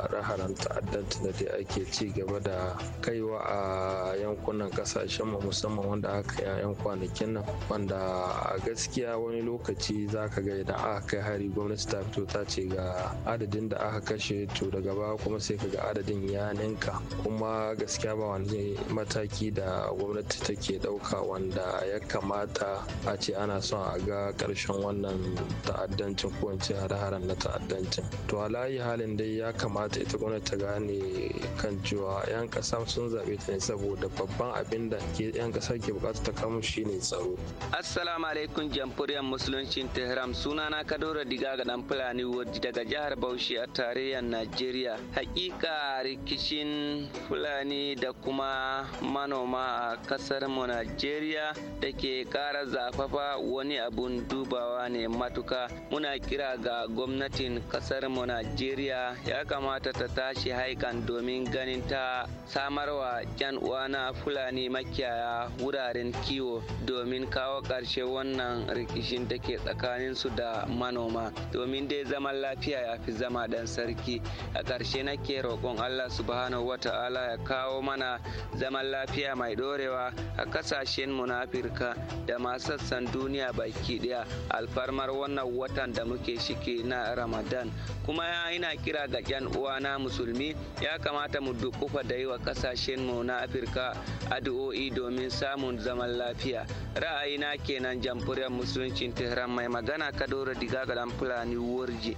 hare-haren ta'addanci da ake ci gaba da kaiwa a yankunan ƙasashen mu musamman wanda aka yi a 'yan kwanakin nan wanda a gaskiya wani lokaci za ka ga idan aka kai hari gwamnati ta fito ta ce ga adadin da aka kashe to daga baya kuma sai ka ga adadin ya ninka kuma gaskiya ba wani mataki da gwamnati take ɗauka wanda ya kamata a ce ana son a ga ƙarshen wannan ta'addancin ko in ce hare-haren na ta'addancin to layi halin dai ya kamata ita gwamnati ta gane kan cewa 'yan ƙasa sun zaɓe ta ne saboda babban abin da ke 'yan ka sake bukatu ta shi ne tsaro. Assalamu alaikum jamhuriyar musuluncin Tehran sunana Kadora Diga ga dan Fulani Warji daga jihar Bauchi a tarayyar Najeriya. Hakika rikicin Fulani da kuma manoma a kasar mu Najeriya da ke ƙara zafafa wani abun dubawa ne matuka. Muna kira ga gwamnatin kasar mu Najeriya ya kamata ta tashi haikan domin ganin ta samarwa 'yan uwana Fulani makiyaya a wuraren kiwo domin kawo ƙarshe wannan rikishin da ke tsakaninsu da manoma domin dai zaman lafiya ya fi zama dan sarki a ƙarshe ke roƙon allah subhanahu wata'ala ya kawo mana zaman lafiya mai ɗorewa a ƙasashen mu da masassan sassan duniya baki ɗaya alfarmar wannan watan da muke shike na ramadan kuma ya ina kira ga yan uwana musulmi ya kamata mu dukufa da yi wa ƙasashen mu na afirka addu'o'i domin domin samun zaman lafiya ra'ayina kenan jamhuriyar musuluncin tehran mai magana kadoro diga fulani warje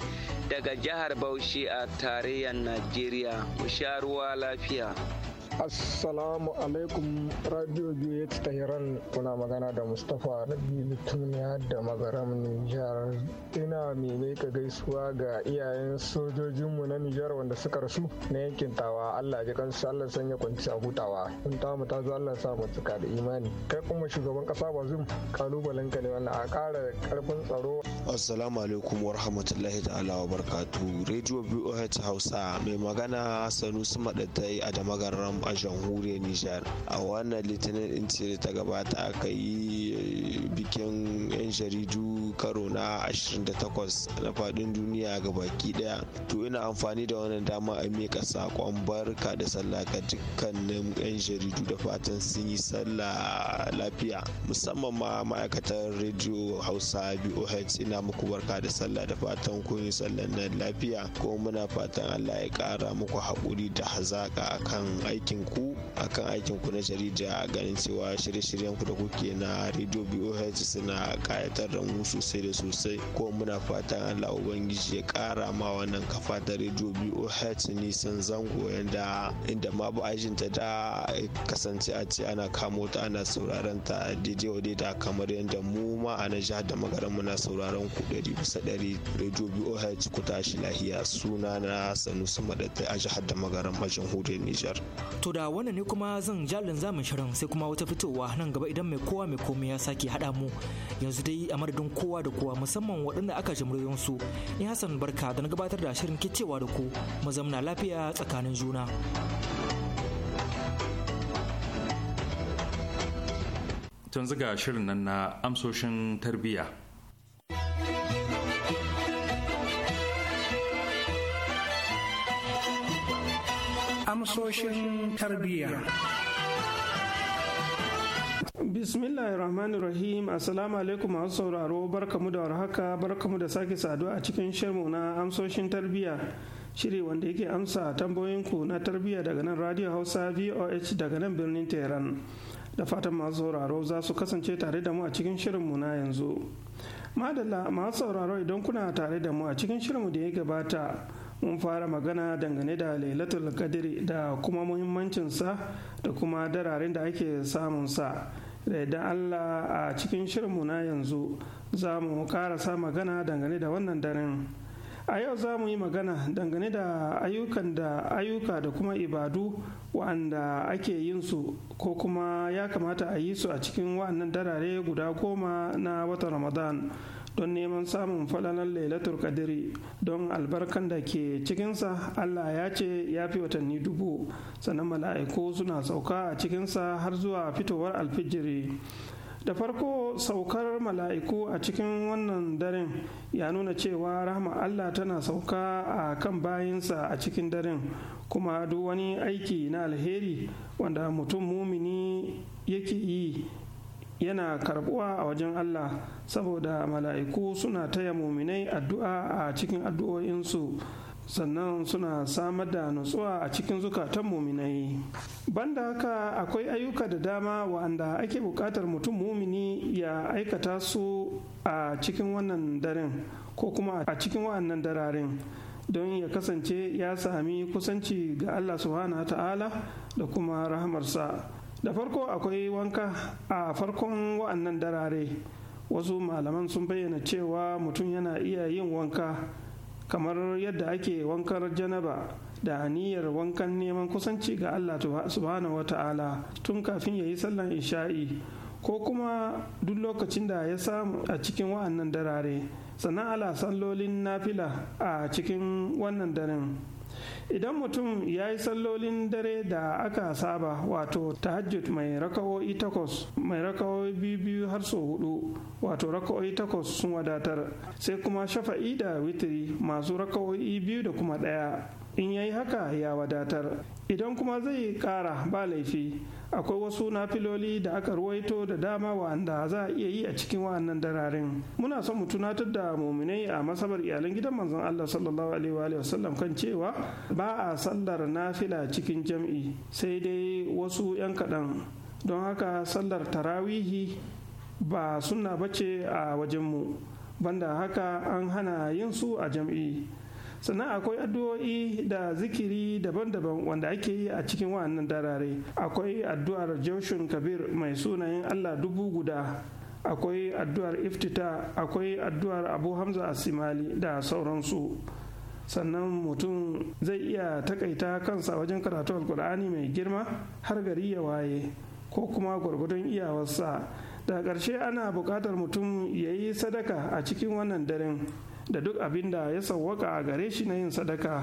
daga jihar bauchi a tarayyar najeriya mu sha ruwa lafiya Assalamu alaikum Radio Juliet Tahiran kuna magana da Mustapha Rabi Tumiya da Magaram Nijar. Ina mai ka gaisuwa ga iyayen sojojinmu na Nijar wanda suka rasu na yankin tawa Allah ji kansu Allah sanya kwanci hutawa. In ta mu ta zo Allah sa mu cika da imani. Kai kuma shugaban kasa zum kalubalen ka ne wannan a ƙara karfin tsaro. Assalamu alaikum wa rahmatullahi ta'ala wa barkatu Radio BOH Hausa mai magana Sanusi Madaddai a da Magaram a jamhuriyar nijar a wannan litinin din ce ta gabata aka yi bikin 'yan jaridu karo na 28 na faɗin duniya ga baki ɗaya to ina amfani da wannan dama a miƙa saƙon barka da sallah ga dukkanin 'yan jaridu da fatan sun yi sallah lafiya musamman ma ma'aikatar rediyo hausa boh ina muku barka da sallah da fatan kun yi sallan nan lafiya ko muna fatan allah ya ƙara muku haƙuri da hazaƙa akan aikin ku akan aikin ku na jarida ganin cewa shirye-shiryen ku da kuke na rediyo boh suna kayatar da mu sosai da sosai ko muna fatan allah ubangiji ya kara ma wannan kafa ta rediyo boh nisan zango yanda inda ma ba ta da kasance a ce ana kamo ta ana sauraron ta daidai wa kamar yadda mu ma a na jihar da magaran muna sauraron ku ɗari bisa ɗari rediyo boh ku tashi lahiya suna na sanusi madatai a jihar da magaran majin hudun nijar. to da wannan ne kuma zan jalin zamu shirin sai kuma wata fitowa nan gaba idan mai kowa mai komai ya sake hada mu yanzu dai a madadin kowa da kowa musamman waɗanda aka jimriyon su in hassan barka da na gabatar da shirin kicewa da ku mu lafiya tsakanin juna tun ziga shirin nan na amsoshin tarbiyya amsoshin tarbiyya rahim, Assalamu alaikum masu sauraro barkamu da warhaka barkamu da sake saduwa a cikin shirmu na amsoshin tarbiyya shiri wanda yake amsa tambayoyinku na tarbiyya daga nan Radio Hausa VOH daga nan birnin Tehran. Da fatan masu sauraro za su kasance tare da mu a cikin shirinmu na yanzu. Madalla masu sauraro idan kuna tare da mu a cikin shirinmu da ya gabata mun fara magana dangane da Lailatul kadiri da kuma muhimmancinsa da kuma dararen da ake samunsa. sa. da eh, idan allah a cikin shirinmu na yanzu za mu karasa magana dangane da wannan daren a yau za mu yi magana dangane da ayyukan da ayyuka da kuma ibadu wa'anda ake yin su ko kuma ya kamata a yi su a cikin wa'annan darare guda goma na watan ramadan don neman samun falalan lailatul kadiri don albarkan da ke cikinsa allah ya ce ya fi watanni dubu sannan mala'iku suna sauka a cikinsa har zuwa fitowar alfijiri da farko saukar mala'iku a cikin wannan daren ya nuna cewa rahama allah tana sauka a kan bayinsa a cikin daren kuma duk wani aiki na alheri wanda mutum mumini yake yi yana karbuwa a wajen Allah saboda mala'iku suna taya muminai addu'a a cikin addu'o'insu sannan suna samar da nutsuwa a cikin zukatan muminai banda haka akwai ayyuka da dama wa'anda ake buƙatar mutum mumini ya aikata su a cikin wannan daren ko kuma a cikin wa'annan dararin, don ya kasance ya sami kusanci ga Allah subhanahu ta'ala da kuma rahamarsa da farko akwai wanka a farkon wa'annan darare wasu malaman sun bayyana cewa mutum yana iya yin wanka kamar yadda ake wankar janaba da aniyar wankan neman kusanci ga allah subhanahu wa ta'ala tun kafin ya yi sallan isha'i ko kuma duk lokacin da ya samu a cikin wa'annan darare sannan ala sallolin nafila a cikin wannan daren idan mutum ya yi sallolin dare da aka saba wato tahajjud mai rakawo'i takwas mai rakawo'i biyu biyu har sau hudu wato rakawo'i takwas sun wadatar sai kuma shafa'i da witiri masu rakawo'i biyu da kuma daya in yayi haka ya wadatar idan kuma zai kara ba laifi akwai wasu nafiloli da aka ruwaito da dama wa'anda za a iya yi a cikin wa'annan dararen muna son mu tunatar da muminai a masabar iyalan gidan manzon Allah sallallahu alaihi wa sallam kan cewa ba a sallar nafila cikin jam'i sai dai wasu yan kaɗan don haka sallar tarawihi ba sunna bace a wajenmu banda haka an hana yin su a jam'i sannan akwai addu'o'i da zikiri daban-daban wanda ake yi a cikin wannan darare akwai addu'ar joshun kabir mai sunayen allah dubu guda akwai addu'ar iftita akwai addu'ar abu hamza asimali da sauransu sannan mutum zai iya takaita kansa wajen karatu alkur'ani mai girma har gari ya waye ko kuma gwargwadon iyawarsa da ƙarshe ana buƙatar mutum ya yi sadaka a cikin wannan daren da duk abin da ya sauwaka a gare shi na yin sadaka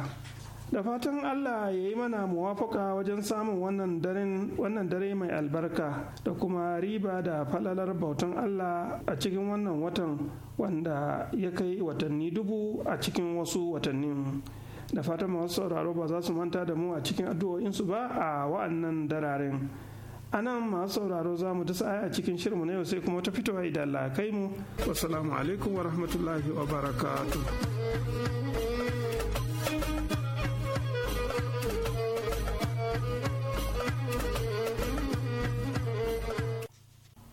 da fatan allah ya yi mana muwafaka wajen samun wannan dare mai albarka da kuma riba da falalar bautan allah a cikin wannan watan wanda ya kai watanni dubu a cikin wasu watannin da fatan masu sauraro ba za su manta da mu a cikin addu'o'insu ba a wa'annan dararen. a nan masu sauraro za mu dasa a cikin shirinmu na yau sai kuma ta fitowa idan Allah kai mu wasalamu alaikum wa rahmatullahi wa barakatuh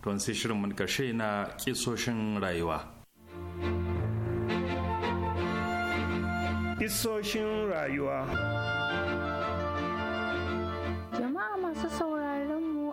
Tuwan sai shirin mun karshe na kisoshin rayuwa. Kisoshin rayuwa. Jama'a masu sauraro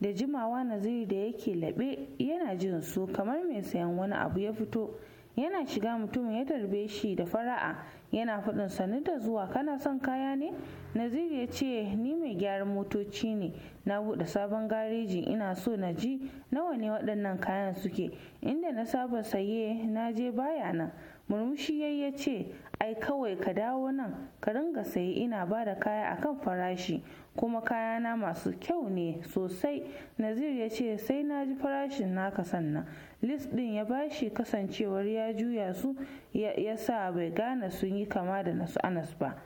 da jimawa naziri da yake laɓe yana jin su kamar mai sayan wani abu ya fito yana shiga mutumin ya tarbe shi da fara'a yana faɗin sannu da zuwa kana son kaya ne naziru ya ce ni mai gyaran motoci ne na buɗe sabon gareji ina so na ji nawa ne waɗannan kayan suke inda na saba saye na je baya nan murmushi ya ya ce ai kawai ka dawo nan ka ringa saye ina ba da kaya akan farashi kuma kayana masu kyau ne sosai nazir ya ce sai na ji farashin naka sannan lis din ya bashi kasancewar ya juya su ya sa bai gane sun yi kama da nasu anas ba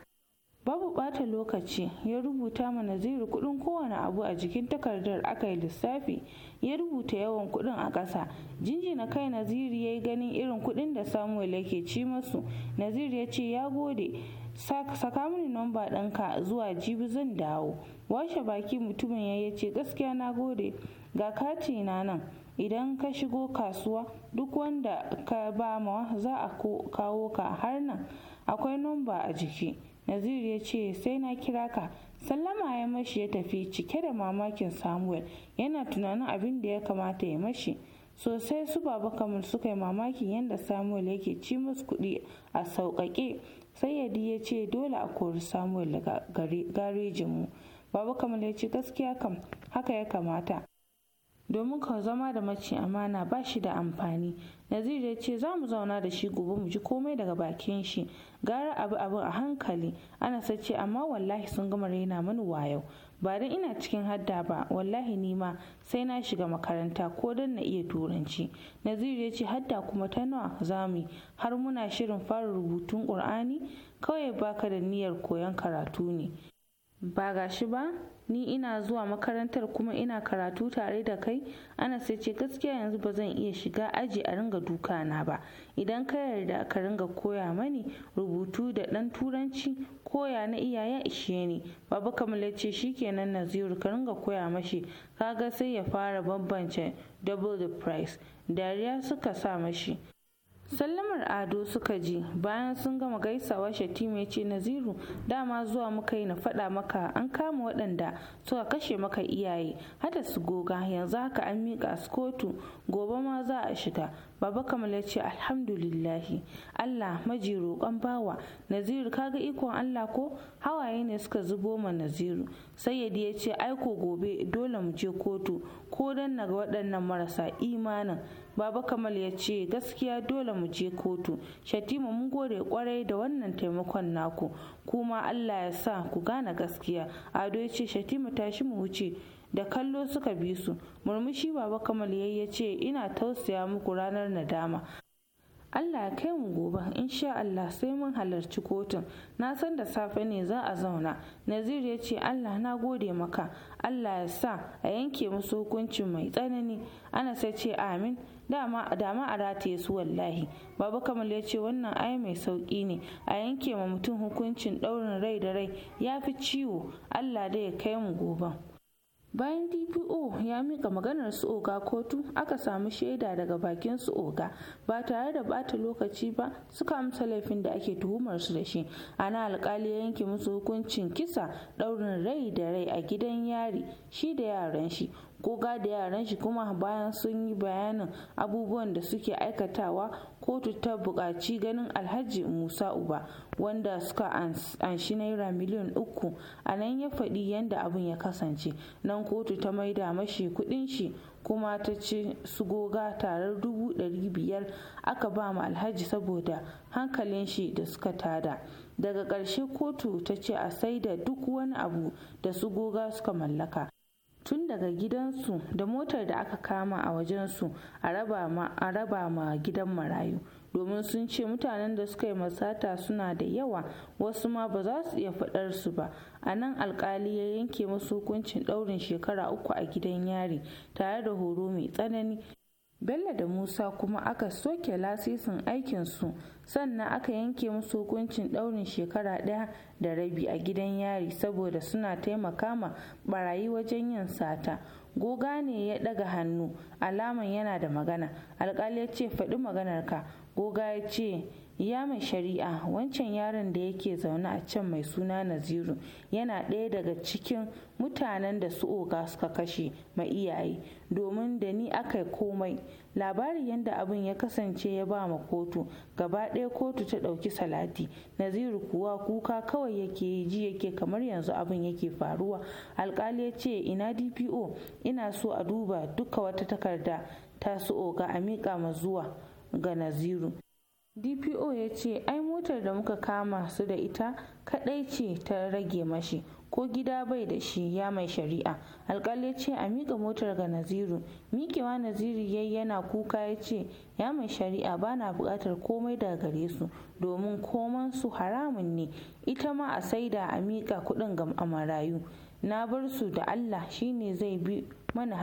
babu bata lokaci ya rubuta ma naziru kudin kowane abu a jikin takardar aka yi lissafi ya rubuta yawan kudin a ƙasa jinjina kai naziru ya yi ganin irin kudin da samuel yake ci masu naziru ya ce ya gode saka mini nomba ɗanka zuwa jibi zan dawo washe baki mutumin ya ce gaskiya na gode ga kati na nan idan ka shigo kasuwa duk wanda ka ba ma za a kawo ka har nan akwai nomba a jiki naziru ya ce sai na kira ka sallama ya mashi ya tafi cike da mamakin samuel yana tunanin abin da ya kamata ya mashi sosai su baba kamar suka yi mamakin yadda samuel yake ci musu kuɗi a sauƙaƙe sayyadi ya ce dole a kori samuel daga garejinmu babu kamar ya ce gaskiya kam haka ya kamata domin ka zama da mace amana ba shi da amfani nazir ya ce za mu zauna da shi gobe mu ji komai daga bakin shi gara abu abu a hankali ana sace amma wallahi sun gama raina mani wayau ba dan ina cikin hadda ba wallahi ni ma sai na shiga makaranta ko dan na iya turanci nazir ya ce hadda kuma ta nawa za zamu har muna shirin fara rubutun qur'ani kawai baka da niyyar koyon karatu ne ba gashi ba ni ina zuwa makarantar kuma ina karatu tare da kai ana sai ce gaskiya yanzu ba zan iya shiga aji a ringa duka na ba idan ka yarda ka ringa koya mani rubutu da dan turanci koya na iyaye ishe ni baba kamal shi ce shikenan naziru ka ringa koya mashi kaga sai ya fara bambance double the price dariya suka sa mashi sallamar ado suka je bayan sun gama gaisawa shatima ya ce naziru dama zuwa muka yi na faɗa maka an kama waɗanda suka kashe maka iyaye hada su goga yanzu haka an miƙa su kotu gobe ma za a shiga baba kamal ya ce alhamdulillahi allah maji roƙon bawa naziru kaga ikon allah ko hawaye ne suka zubo ma naziru sayyadi ya ce aiko gobe dole mu je kotu ko na naga waɗannan marasa imanin baba kamal ya ce gaskiya dole mu je kotu shatima mun gode kwarai da wannan taimakon naku kuma allah ya sa ku gane gaskiya ado ya ce shatima tashi mu wuce da kallo suka bi su murmushi baba kamal ya ce ina tausaya muku ranar nadama Allah ya kai mu gobe insha Allah sai mun halarci kotun na san da safe ne za a zauna Nazir ya ce Allah na gode maka Allah ya sa a yanke musu hukuncin mai tsanani Anas sai ce amin dama a rataye su wallahi baba kamal ya ce wannan ai mai sauki ne a yanke ma mutum hukuncin ɗaurin rai da rai ya fi ciwo allah da ya kai mu gobe bayan dpo ya mika maganar su oga kotu aka samu shaida daga bakin su oga ba tare da bata lokaci ba suka amsa laifin da ake tuhumar su da shi ana alkali ya yanke musu hukuncin kisa daurin rai da rai a gidan yari shi da yaran shi goga da yaran shi kuma bayan sun yi bayanin abubuwan da suke aikatawa kotu ta buƙaci ganin alhaji musa uba wanda suka anshi naira miliyan uku a nan ya faɗi yadda abin ya kasance nan kotu ta maida mashi kuɗin shi kuma ta ce su goga tarar dubu ɗari biyar aka ba ma alhaji saboda hankalin shi da suka tada daga ƙarshe kotu ta ce a sai da duk wani abu da su goga suka mallaka tun daga gidansu da motar da aka kama a wajensu a raba ma gidan marayu domin sun ce mutanen da suka yi masata suna da yawa wasu ma ba za su iya faɗar su ba a nan alkali ya yanke masu hukuncin daurin shekara uku a gidan yari tare da horo mai tsanani bello da musa kuma aka soke lasisin aikinsu sannan aka yanke musu hukuncin daurin shekara ɗaya da rabi a gidan yari saboda suna taimakama ma barayi wajen yin sata goga ne ya ɗaga hannu alaman yana da magana alkali ya ce faɗi maganarka goga ya ce ya mai shari'a wancan yaron da yake zaune a can mai suna naziru yana ɗaya daga cikin mutanen da su oga suka kashe ma iyaye domin da ni aka komai labarin yadda abin ya kasance ya ba ma kotu gaba ɗaya kotu ta ɗauki salati naziru kuwa kuka kawai yake yi ji yake kamar yanzu abin yake faruwa alkali ya ce ina dpo ina so a duba duka wata takarda ta su oga a miƙa ma zuwa ga naziru dpo ya ce ai motar da muka kama su da ita kadai ce ta rage mashi ko gida bai da shi ya mai shari'a alkali ya ce a miƙa motar ga naziru miƙewa naziru yayi yana kuka ya ce ya mai shari'a ba na buƙatar komai daga gare su domin koman su haramun ne ita ma a saida a miƙa kuɗin ga marayu na bar su da allah shine zai bi mana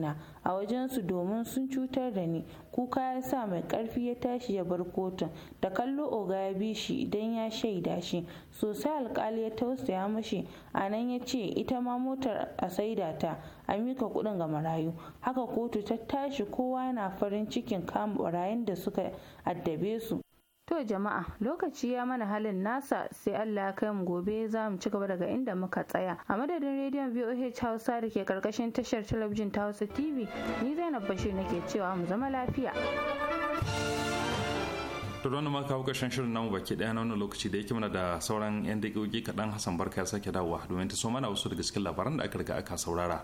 na a wajensu domin sun cutar da ni kuka ya sa mai ƙarfi ya tashi ya bar kotun da kallo oga ya bi shi idan ya shaida shi sosai alƙali ya tausaya mashi a nan ya ce ita ma motar a saida ta a mika kuɗin ga marayu haka kotu ta tashi kowa na farin cikin kama barayin da suka addabe su To jama'a lokaci ya mana halin nasa sai Allah ya kai mu gobe za mu ci gaba daga inda muka tsaya. A madadin rediyon VOH Hausa da ke karkashin tashar talabijin ta Hausa TV ni Zainab Bashir nake cewa mu zama lafiya. To wani ma kawo ƙarshen shirin namu baki ɗaya na wani lokaci da yake mana da sauran 'yan daƙiƙoƙi kaɗan hasan Barka ya sake dawowa domin ta so mana wasu daga cikin labaran da aka riga aka saurara.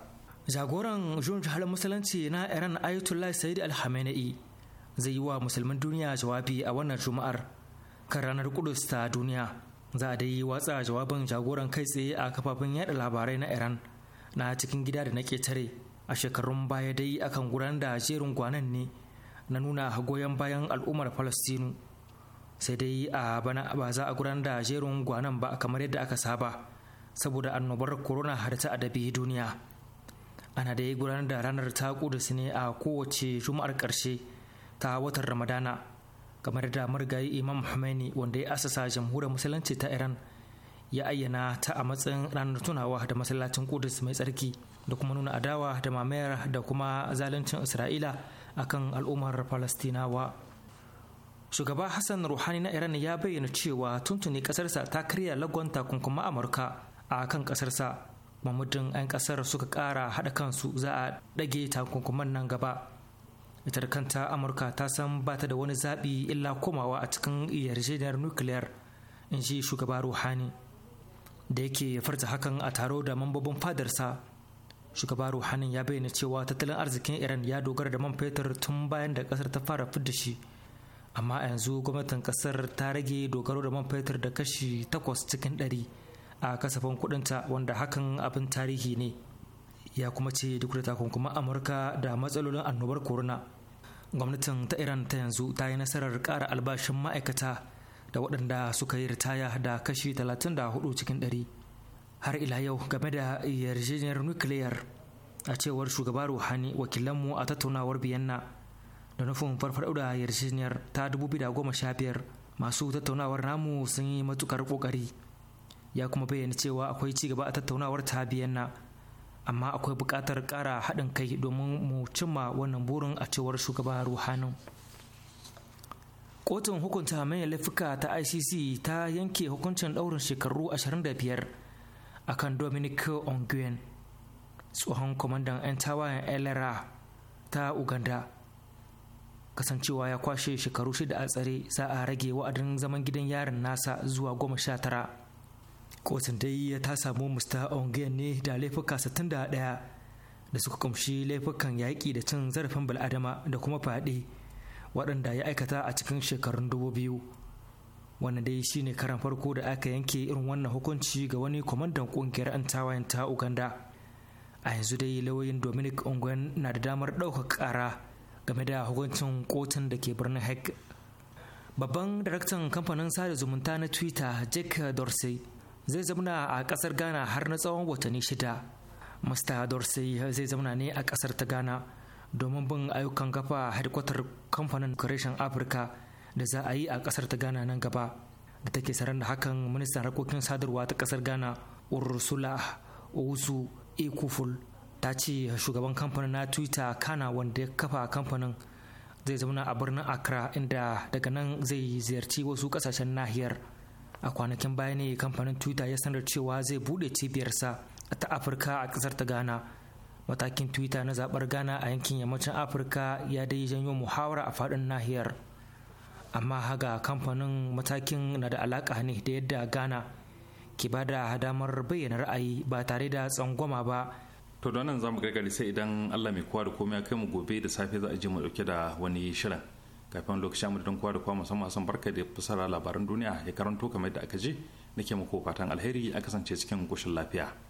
Jagoran Jun Jihar Musulunci na Iran Ayatollah Sayyid al zai yi wa musulmin duniya jawabi a wannan juma'ar kan ranar kudus ta duniya za a dai watsa jawabin jagoran kai tsaye a kafafen yada labarai na iran na cikin gida da na ketare a shekarun baya dai akan gudanar da jerin gwanan ne na nuna goyon bayan al'ummar falastinu sai dai a bana ba za a gudanar da jerin gwanan ba kamar yadda aka saba saboda annobar corona har ta adabi duniya ana dai gudanar da ranar ta kudus ne a kowace juma'ar karshe ta watan ramadana kamar da marigayi imam Khomeini wanda ya asasa jamhuriyar musulunci ta iran ya ayyana ta a matsayin ranar tunawa da masallacin kudus mai tsarki da kuma nuna adawa da mamayar da kuma zaluncin isra'ila akan al'ummar falastinawa shugaba hassan ruhani na iran ya bayyana cewa tuntuni kasarsa ta karya lagon takunkuma amurka a kan kasarsa mamudin 'yan kasar suka kara haɗa kansu za a ɗage takunkuman nan gaba itar kanta amurka ta san ba ta da wani zaɓi illa komawa a cikin yarjejeniyar nukiliyar in ji shugaba ruhani da yake farta hakan a taro da mambobin fadarsa shugaba ruhanin ya bayyana cewa tattalin arzikin iran ya dogara da man fetur tun bayan da kasar ta fara fidda shi amma a yanzu gwamnatin ƙasar ta rage dogaro da man fetur da kashi takwas cikin ɗari a kasafin kuɗinta, wanda hakan abin tarihi ne ya kuma ce duk da takunkuman amurka da matsalolin annobar corona gwamnatin ta iran ta yanzu ta yi nasarar kara albashin ma'aikata da waɗanda suka yi ritaya da kashi 34 cikin 100 har ila yau game da yarjejeniyar nukiliyar a cewar shugaba ruhani wakilanmu a tattaunawar biyanna da nufin farfaɗo da yarjejeniyar ta 2015 masu tattaunawar namu sun yi matukar kokari ya kuma bayyana cewa akwai ci gaba a tattaunawar ta biyanna amma akwai buƙatar ƙara haɗin kai domin mu cimma wannan burin a cewar shugaba ruhanin kotun hukunta manya laifuka ta icc ta yanke hukuncin ɗaurin shekaru 25 a kan dominic onguen tsohon kwamandan 'yan tawayen elera ta uganda kasancewa ya kwashe shekaru shida a tsare za a rage wa'adin zaman gidan yarin nasa zuwa goma sha tara kotun dai ta samu mr ongen ne da laifuka 61 da suka kumshi laifukan yaƙi da cin zarafin bil'adama da kuma fyaɗe waɗanda ya aikata a cikin shekarun dubu biyu wannan dai shine karan farko da aka yanke irin wannan hukunci ga wani kwamandan ƙungiyar 'yan tawayen ta uganda a yanzu dai lauyin dominic ongwen na da damar ɗaukar ƙara game da hukuncin kotun da ke birnin hague babban daraktan kamfanin sada zumunta na twitter jake dorsey zai zauna a kasar ghana har na tsawon watanni shida mista dorsey zai zauna ne a kasar ta ghana domin bin ayyukan kafa hadkwatar kamfanin croatian africa da za a yi a kasar ta ghana nan gaba da take saran da hakan ministan harkokin sadarwa ta kasar ghana ursula owusu ekuful ta ce shugaban kamfanin na twitter kana wanda ya kafa kamfanin zai zauna a birnin accra inda daga nan zai ziyarci wasu kasashen nahiyar a kwanakin baya ne kamfanin twitter ya sanar cewa zai bude cibiyarsa ta afirka a kasar ta ghana matakin twitter na zabar ghana a yankin yammacin afirka ya dai janyo muhawara a fadin nahiyar amma haga kamfanin matakin na da alaka ne da yadda ghana ke ba da damar bayyana ra'ayi ba tare da tsangwama ba to don nan za mu gargari sai idan allah mai kowa da komai ya kai mu gobe da safe za a je mu dauke da wani shirin kafin lokacin mu don kowa da kowa musamman son barka da fasara labaran duniya ya karanto kamar da aka je nake muku fatan alheri a kasance cikin koshin lafiya